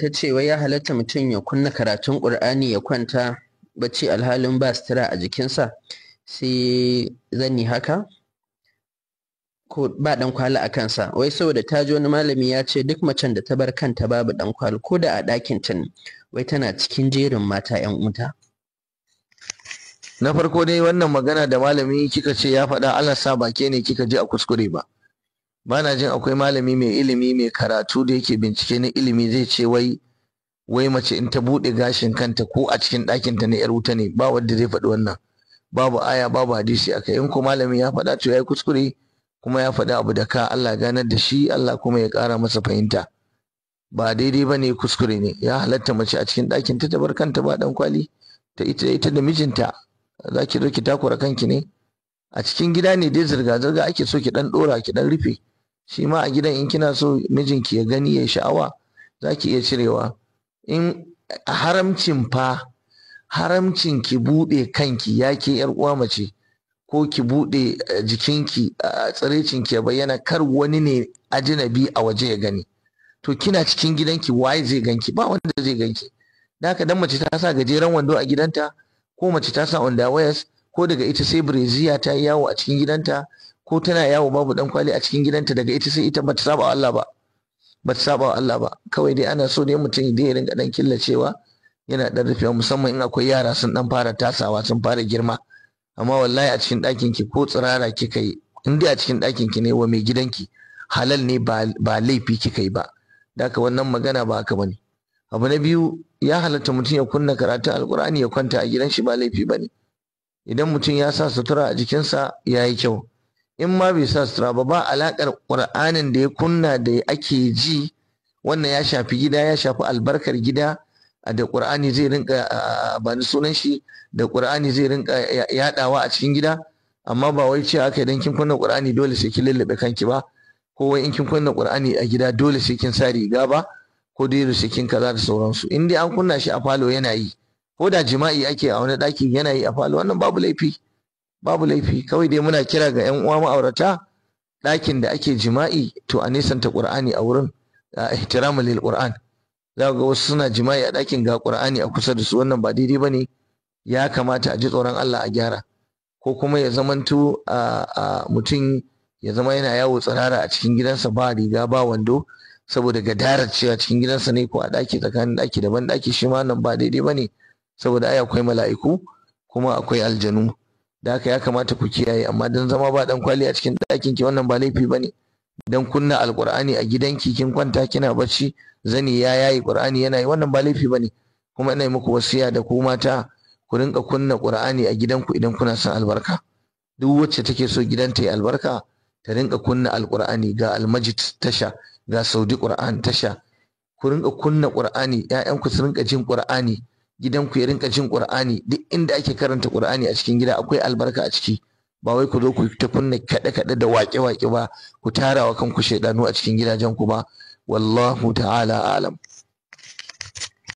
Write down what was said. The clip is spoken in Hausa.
ta ce wai ya halatta mutum ya kunna karatun ƙur'ani ya kwanta bacci alhalin ba sutura a jikinsa sai zani haka ko ba dan kwali a kansa wai saboda ta ji wani malami ya ce duk macen da ta bar kanta babu dan kwali ko da a ɗakin ta ne wai tana cikin jerin mata yan uta na farko dai wannan magana da malami kika ce ya faɗa Allah sa bake ne kika ji a kuskure ba ba na jin akwai malami mai ilimi mai karatu da yake bincike na ilimi zai ce wai wai mace in ta buɗe gashin kanta ko a cikin ɗakinta na yar wuta ne ba wanda zai faɗi wannan babu aya babu hadisi akai in ko malami ya faɗa to yayi kuskure kuma ya faɗi abu da ka Allah ganar da shi Allah kuma ya ƙara masa fahimta ba daidai ba ne kuskure ne ya halatta mace a cikin ɗakin ta bar kanta ba ɗan kwali ta ita ita da mijinta za ki zo ki takura kanki ne a cikin gida ne dai zirga-zirga ake so ki ɗan ɗora ki ɗan rufe shi ma a gidan in kina so mijinki ya gani ya sha'awa za ki iya cirewa in haramcin fa haramcin ki buɗe kanki ya ke yar uwa mace ko ki buɗe eh, jikinki a eh, tsirecinki ya bayyana kar wani ne ajinabi a waje ya gani to kina cikin gidanki waye zai ganki ba wanda zai ganki da haka dan mace ta sa gajeren wando a gidanta ko mace ta sa underwears ko daga ita sai breziya ta yi yawo a cikin gidanta ko tana yawo babu dan kwali a cikin gidanta daga ita sai ita bata saba Allah ba bata saba Allah ba kawai dai ana so ne mutum da ya ringa dan killacewa yana dan rufewa musamman in akwai yara sun dan fara tasawa sun fara girma amma wallahi a cikin ɗakin ki ko tsirara kika yi in dai a cikin ɗakin ki ne wa mai gidan ki, halal ne ba laifi kika yi ba daka wannan magana ba haka bane abu na biyu ya halatta mutum ya kunna karatun alkur'ani ya kwanta a gidan shi ba laifi bane idan mutum ya sa sutura a jikinsa ya yi kyau in ma bai sa sutura ba ba alaƙar ƙur'anin da ya kunna da ake ji wannan ya shafi gida ya shafi albarkar gida da ƙur'ani zai rinka ba ni sunan shi da ƙur'ani zai rinka yaɗawa a cikin gida amma ba wai cewa aka idan kin kunna ƙur'ani dole sai kin lullube kanki ba ko wai in kin kunna ƙur'ani a gida dole sai kin sa riga ba ko dole sai kin kaza da sauransu in dai an kunna shi a falo yana yi ko da jima'i ake a wani ɗaki yana yi a falo wannan babu laifi babu laifi kawai dai muna kira ga 'yan uwa ma'aurata ɗakin da ake jima'i to a nisanta qur'ani a wurin a ihtiramu lil quran za ga wasu suna jima'i a ɗakin ga qur'ani a kusa da su wannan ba daidai bane ya kamata a ji tsoron Allah a gyara ko kuma ya zamanto a mutum ya zama yana yawo tsirara a cikin gidansa ba riga ba wando saboda ga darar cewa cikin gidansa ne ko a ɗaki tsakanin ɗaki daban ɗaki shi ma nan ba daidai bane saboda ai akwai mala'iku kuma akwai aljanu da haka ya kamata ku kiyaye amma dan zama ba dan kwali a cikin ɗakin ki wannan ba laifi bane dan kunna alqur'ani a gidanki kin kwanta kina bacci zani ya yayi qur'ani yana yi wannan ba laifi bane kuma ina yi muku wasiya da ku mata ku rinka kunna qur'ani a gidanku idan kuna son albarka duk wacce take so gidanta yi albarka ta rinka kunna alqur'ani ga almajid tasha ga saudi qur'an tasha ku rinka kunna qur'ani ƴaƴanku su rinka jin qur'ani Gidan ku ya rinka jin ƙur'ani, duk inda ake karanta ƙur'ani a cikin gida akwai albarka a ciki ba wai ku zo ku ta kunna kaɗe kaɗe da waƙe waƙe ba ku tarawa kanku shaidanu a cikin gidajen ku ba wallahu ta'ala alam